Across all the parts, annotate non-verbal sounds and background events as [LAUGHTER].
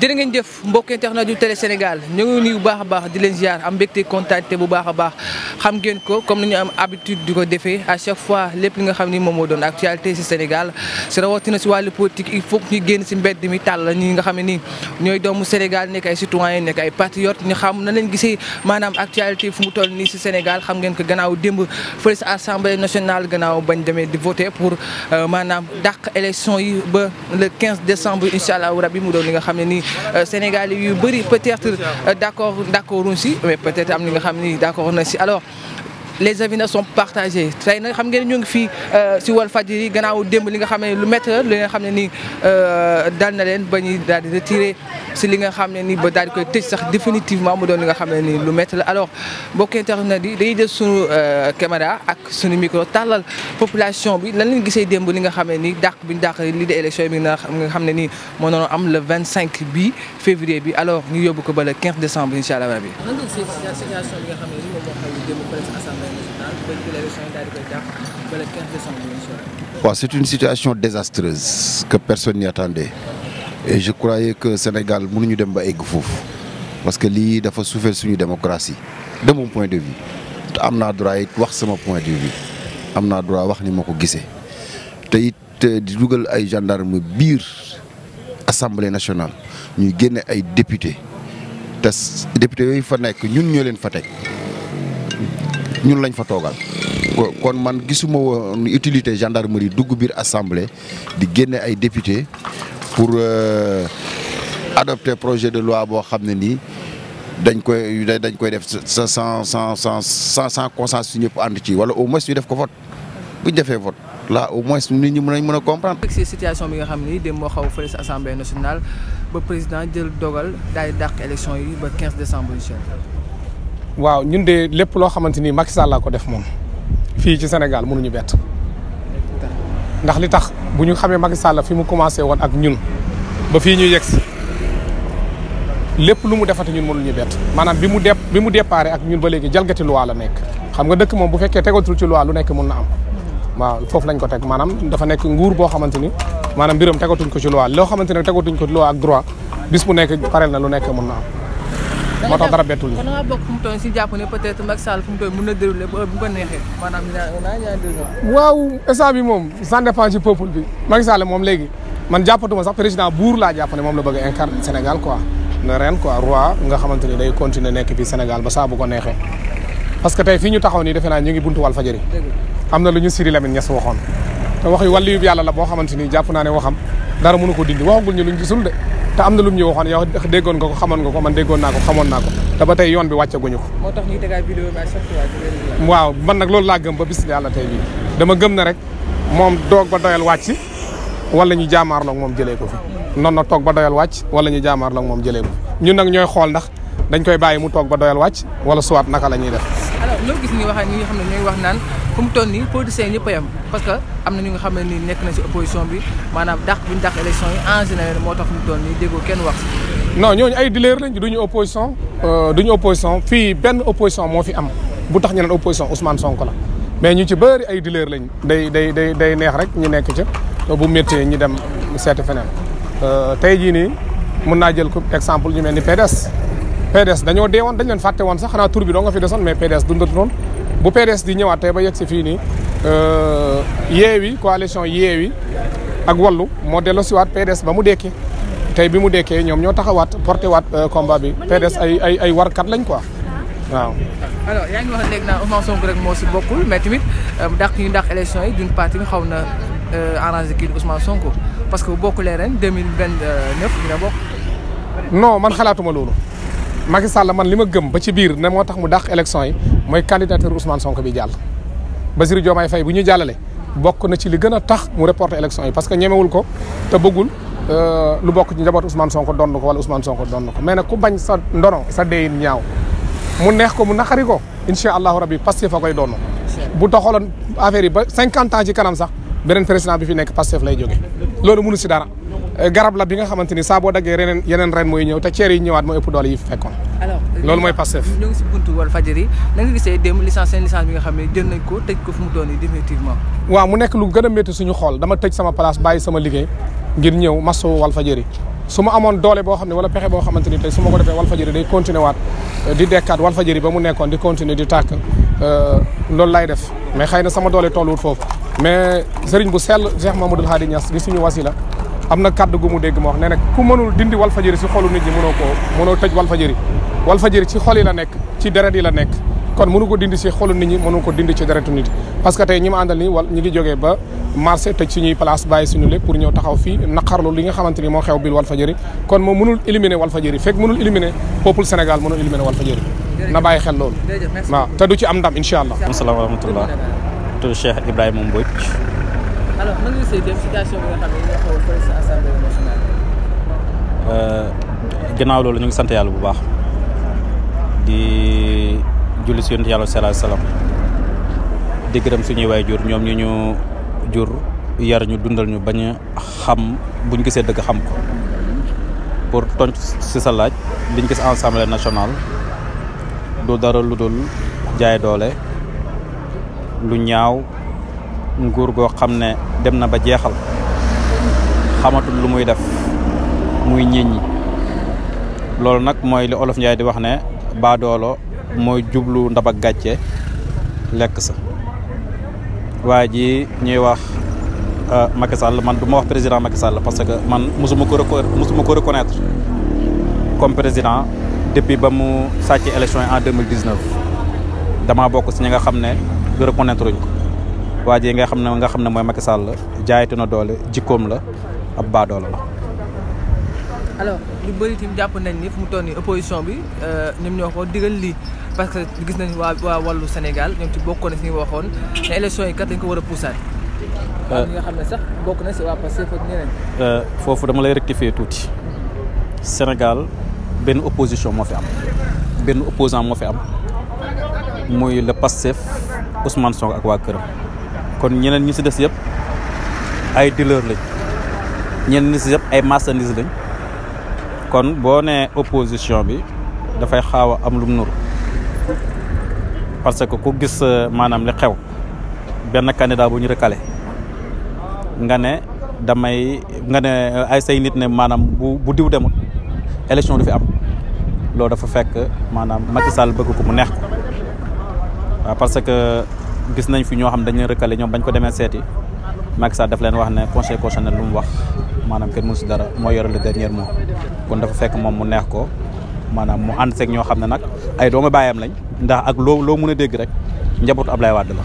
jërë ngeen jëf mbokk na yu Télé Sénégal ñu baax a baax di leen ziar am mbégte kontaan bu baax a baax. xam ngeen ko comme ni ñu am habitude di ko defee à chaque fois lépp li nga xam ni moom moo doon actualité si Sénégal si rawatina si wàllu politique il faut que génn si mbedd mi tàll ñi nga xam ne nii ñooy doomu Sénégal nekk ay citoyen nekk ay patriote ñu xam na leen gisee maanaam actualité fu mu toll nii si Sénégal xam ngeen ko gannaaw démb fële si assemblée nationale gannaaw bañ demee di voter pour euh, maanaam dàq élection yi ba le 15 décembre incha allah rabi mu doon li nga xam ne nii euh, Sénégal yu bëri peut-être euh, d'accord d'accord si xam ni d'accord na si les avis sont partagés tey nag xam ngeen ñu ngi fii euh, si Walfadjri gannaaw démb li nga xam ne lu métti la li nga xam ne nii euh, dal na leen ba ñuy daal di si li nga xam ne nii ba daal di sax définitivement mu doon li nga xam ne nii lu métti la bokk mbokk internet yi dañuy jël suñu euh, caméra ak sunu micro tàllal population bi lan lañ gisee demb li nga xam ne nii dàq bi ñu dàq lii de élection bi nga xam ne nii moo noonu am le 25 bi février bi alors ñu yóbbu ko ba le 15 décembre incha allah rabi. Bon, c'est une situation désastreuse que personne n'y attendait. Et je croyais que Sénégal ñu dem ba egg foofu parce que lii dafa suufeel suñu démocratie de mon point de vue te am naa droit wax sama point de vue am naa droit wax ni ma ko gisee te it di dugal ay gendarme biir assemblée nationale ñuy génne ay député te député yooyu fa nekk ñun ñoo leen fa teg ñun lañ fa toogal kon man gisuma woon utilité gendarmerie dugg biir assemblée di génne ay député pour euh, adopter projet de loi boo xam ne nii dañ koy dañ koy def sa sans sans sans sans consensus ñëpp ànd ci wala au moins ñu def ko vote bu ñu defee vote là au moins nit ñi mun nañ mën a comprendre. si situation bi nga xam ni dem moo xaw fële si assemblée nationale ba président jël dogal daal di dàq yi ba 15 décembre incha waaw ñun de lépp loo xamante ni Macky Sall ko def moom fii ci Sénégal mënuñu bett ndax li tax bu ñu xamee Macky Sall fi mu commencé woon ak ñun ba fii ñuy yegsi lépp lu mu defati ñun mënuñu bett maanaam bi mu de bi mu déparé ak ñun ba léegi jalgati loi la nekk xam nga dëkk moom bu fekkee tegatul ci loi lu nekk mun na am waaw foofu lañ ko teg maanaam dafa nekk nguur boo xamante ni maanaam mbiram tegatuñ ko ci loi loo xamante ne tegatuñ ko ci loi ak droit bis bu nekk na lu nekk mën na moo tax dara bettul kon da ngaa bokk fu mu toll si jàpp ne peut être Macky Sall na déroulé ba bu ko waaw instant bi moom ça dépend ci peuple bi Macky Sall moom léegi man jàppatuma sax président buur laa jàpp ne moom la bëgg a incarner Sénégal quoi na ren quoi roi nga xamante ne day continuer nekk fii Sénégal ba saa bu ko neexe parce que tey fii ñu taxaw nii defe naa ñu ngi buntu Walfadjri am na lu ñu Siri Lamine Niass waxoon te wax yu wàllu yàlla la boo xamante ni jàpp naa ne waxam dara mënu ko dindi waxagul ñu luñ gisul te am na lu mu ñu waxoon yow déggoon nga ko xamoon nga ko man déggoon naa ko xamoon naa ko te ba tey yoon bi wàccaguñu ko. moo tax ñuy tegaat vidéo bi waaw man nag loolu laa gëm ba bis yàlla tey bii dama gëm na rek moom doog ba doyal wàcc wala ñu jaamaarloo ak moom jëlee ko fi. noonu na toog ba doyal wàcc wala ñu jaamaarloo ak moom jëlee ko ñun nag ñooy xool ndax dañ koy bàyyi mu toog ba doyal wàcc wala suwaat naka la ñuy def. alors loo gis ñuy wax ñi nga xam ne ñooy wax naan fu mu toll nii politiciens yi ñëpp a parce que am na ñu nga xam ne ni nekk na ci opposition bi maanaam dàq bu ñu dàq élection en général moo tax fu mu toll nii déggoo kenn wax. non ñooñu ay dileer lañ duñu opposition euh, duñu opposition fii benn opposition moo fi am bu tax ñu naan opposition Ousmane Sonko la mais ñu ci bëri ay dileer lañ day day day day neex rek ñu nekk ca bu méttee ñi dem seeti feneen euh, tey jii nii mun naa jël exemple ñu mel ni PDS PDS dañoo dee woon dañ leen fàtte woon sax xanaa tur bi doo nga fi desoon mais PDS dundatu noonu bu PDS di ñëwaat tey ba yegg si fii nii euh, Yewwi coalition Yewwi ak Wallu moo delloosiwaat PDS ba mu dekkee tey bi mu dekkee ñoom ñoo taxawaat porté waat euh, combat bi PDS ay ay ay warkat lañ quoi ah. waaw. alors yaa ngi wax léegi naan Ousmane Sonko rek moo si bokkul mais tamit euh, dàq ñu dàq élection yi d'une partie xaw na arrangé kii Ousmane Sonko parce que bu bokkulee ren deux mille vingt neuf man xalaatuma loolu. Macky Sall man li ma gëm ba ci biir ne moo tax mu dàq élection yi mooy candidature Ousmane Sonko bi jàll. Basirou Diomaye Faye bu ñu jàllale bokk na ci li gën a tax mu reporter élection yi parce que ñemewul ko te bëggul euh, lu bokk ci njaboot Ousmane Sonko donn ko wala Ousmane Sonko donn ko mais nag ku bañ sa ndono sa deyin ñaaw mu neex ko mu naqari ko incha allahu rabi Pastef a koy donn bu doxaloon affaire yi ba cinquante ans ci kanam sax beneen président bi fi nekk Pastef lay jóge loolu mënu si dara. garab la bi nga xamante ni saa boo daggee yeneen yeneen ren mooy ñëw te ceer yi ñëwaat moo ëpp doole yi fekkoon. Euh, loolu mooy Pastef. ñu ngi si buntu Walfadjri na nga gisee démb licence seen licence bi nga xam ne mu nekk lu gën a métti suñu xool dama tëj sama place bàyyi sama liggéey ngir ñëw masu Walfadjri su ma amoon doole boo xam ne wala pexe boo xamante ni tey su ma ko defee Walfadjri day continuer waat euh, di dekkaat Walfadjri ba mu nekkoon di continuer di tàkk euh, loolu lay def mais xëy na sama doole tolluwut foofu mais sëriñ bu sell Cheikh Mamadou Hadi Niass di am na kàddu gu mu dégg ma wax ne nag ku mënul dindi wal Walfadjri si xolu nit ñi mënoo koo mënoo tëj Walfadjri Walfadjri ci xol yi la nekk ci deret yi la nekk kon mënu ko dindi si xolu nit ñi mënu ko dindi ci deretu nit parce que te ñi ma àndal nii wal ñi ngi jógee ba marché tëj suñuy place bàyyi suñu lépp pour ñëw taxaw fii naqarlu li nga xamante ni moo xew biir Walfadjri kon moom mënul éliminer Walfadjri fekk mënul éliminer peuple Sénégal mënul éliminer Walfadjri na bàyyi xel loolu waaw du ci am ndam incha allah. asalaamaaleykum wa rahmatulah. Cheikh Ibrahima Mbodj alors nan nga ñu euh, loolu ñu ngi sant yàlla bu baax di julli si yonent yàlla salaa salaam di gërëm suñuy waay jur ñoom ñu ñu jur yar ñu dundal ñu bañ xam buñ gisee dëgg xam ko pour tonc si sa laaj liñ gis assemblée nationale du dara lu dul jaay doole lu ñaaw. nguur goo xam ne dem na ba jeexal xamatul lu muy def muy ñiññi loolu nag mooy li olof Njaay di wax ne baadoolo mooy jublu ndab ak gàcce lekk sa waa ji ñuy wax euh, Macky Sall man du wax président Macky Sall parce que man mosuma ko mosuma ko reconnaître comme président depuis ba mu sàcc élection yi en 2019 bokk si ñi nga xam ne reconnaître ñu ko waa ji nga xam ne nga xam ne mooy Macky la jaayatu na doole jikkoom la ab baadoola la. alors ñu bëri tim jàpp nañ ni fu mu toll nii opposition bi euh, ñoom ñoo ko digal lii parce que gis nañ waa waa wàllu Sénégal ñoom ci bokkoon na si ñu waxoon ne élection yi kat dañ ko war a poussaat. Euh, ñi bokk na si waa euh, foofu dama lay rectifier tuuti Sénégal benn opposition moo fi am benn opposant moo fi am muy le Pastef Ousmane Sonko ak waa këram. kon ñeneen ñu si des yëpp ay dealer lañ ñeneen ñi si yëpp ay marchandises lañ kon boo nee opposition bi dafay xaaw a am lum nuru parce que ku gis euh, maanaam li xew benn candidat bu ñu recalé nga ne damay nga ne euh, ay say nit ne maanaam bu bu diw demul élection du fi am loolu dafa fekk maanaam Macky Sall bëgg ko mu neex ko parce que gis nañ fi ñoo xam dañ leen rëkkale ñoom bañ ko demee seeti Macky Sall daf leen wax ne conseil constitutionnel lu mu wax maanaam kenn mësu dara moo yore le dernier mot kon dafa fekk moom mu neex ko maanaam mu ànd seeg ñoo xam ne nag ay doomu baayam lañ ndax ak loo loo mën a dégg rek njabootu Ablaye Wade la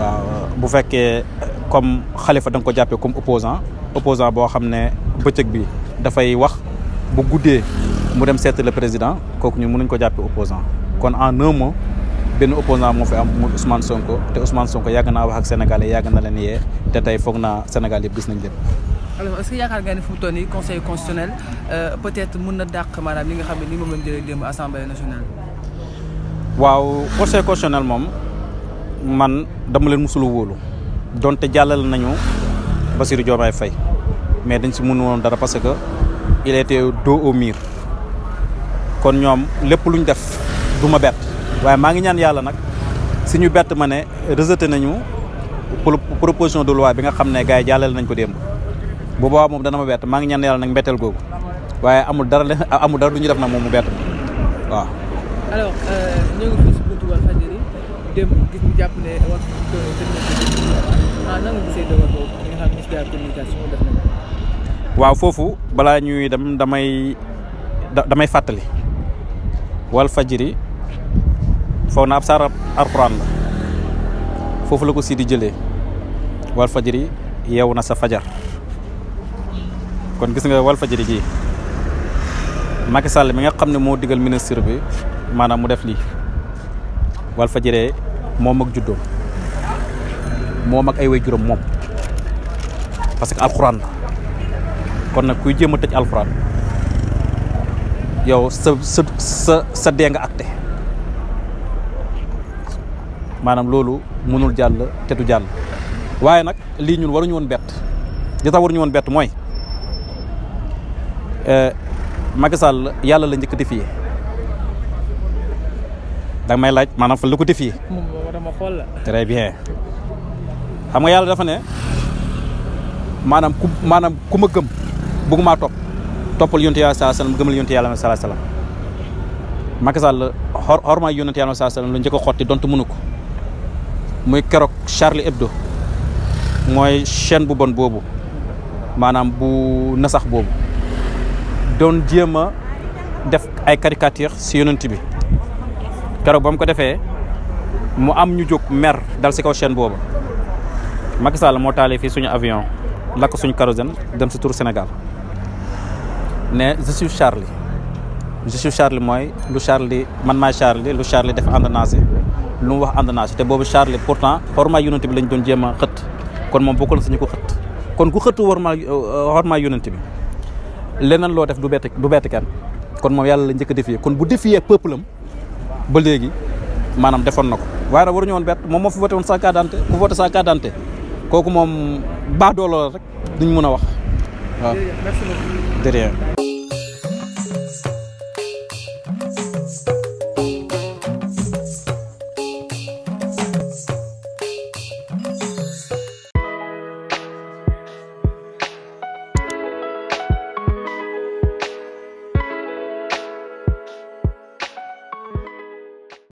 waaw bu fekkee comme Khalifa da ko jàppee comme opposant opposant boo xam ne bëccëg bi dafay wax bu guddee mu dem seet le président kooku ñu ñun mënuñ ko jàppee opposant kon en un benn opposant moo fi am muy Ousmane Sonko te Ousmane Sonko yàgg wax ak sénégalais yàgg na leen yee te tey foog naa Sénégal yëpp gis nañ lépp. alors est-ce que yaakaar nga ni fu mu toll nii conseil constitutionnel euh, peut-être mun na dàq maanaam li nga xam ne ni moom lañ jëlee assemblée nationale. waaw conseil constitutionnel moom man dama leen musulu wóolu donte jàllal nañu Bassirou Diomaye Faye mais dañ si mënu woon dara parce que il était dos au mur kon ñoom lépp luñ def du ma waaye maa ngi ñaan yàlla nag suñu bett ma ne rejeté nañu proposition de loi bi nga xam ne gars yi jàllale nañ ko démb bu boobaa moom dana ma bett maa ngi ñaan yàlla nag mbetteel googu waaye amul dara [LAUGHS] amul dara lu ñu def waaw. Euh, ah, na ko. waaw foofu balaa ñuy dem damay damay fàttali Walfadjri foog na ab saar alxuraan la foofu la ko si di jëlee wal fajiri yeew na sa fajar kon gis nga wal fajiri ji Macky Sall mi nga xam ne moo digal ministre bi maanaam mu def lii wal fajiree moom ak juddoom moom ak ay we juróom moom parce que alxuraan la kon nag kuy jéem a tëj alxuraan yow sa sa sa dee nga acte maanaam loolu mënul jàll te du jàll waaye nag lii ñun waruñu woon bett li tax waruñu woon bett mooy eh, Macky Sall yàlla la njëkk fii danga may laaj maanaam fan la ko défier très bien xam nga yàlla dafa ne maanaam ku maanaam ku ma gëm bëggumaa topp toppal yonte yàlla saa salaam gëmal yonte yàlla saa salaam Macky Sall xor xormaa yonte yàlla saa salaam la njëkk a xotti donte mënu ko muy keroog Charlie Hebdo mooy chaine bu bon boobu maanaam bu nasax boobu doon jéem a def ay caricature si yonent bi keroog ba mu ko defee mu am ñu jóg mer dal si kaw chaîne booba Macky moo taalee fii suñu avion lakk suñu kérosène dem si tour Sénégal ne je suis Charlie je Charlie mooy lu Charlie man maay Charlie lu Charlie def ànd si lu mu wax ànd naa si te boobu Charles pourtant xormaa yonent bi lañ doon jéem a xëtt kon moom bokkul na sañu ko xëtt kon ku xëttu xormaa xormaa euh, yonent bi leneen loo def du bett du bett kenn kon moom yàlla la njëkk a défier kon bu defiyee peuple am ba léegi maanaam defoon na ko waaye nag waruñu woon bett moom moo fi voté woon sa carte d'identité ku voté sa carte d'identité kooku moom baax doole rek duñ mën a wax waaw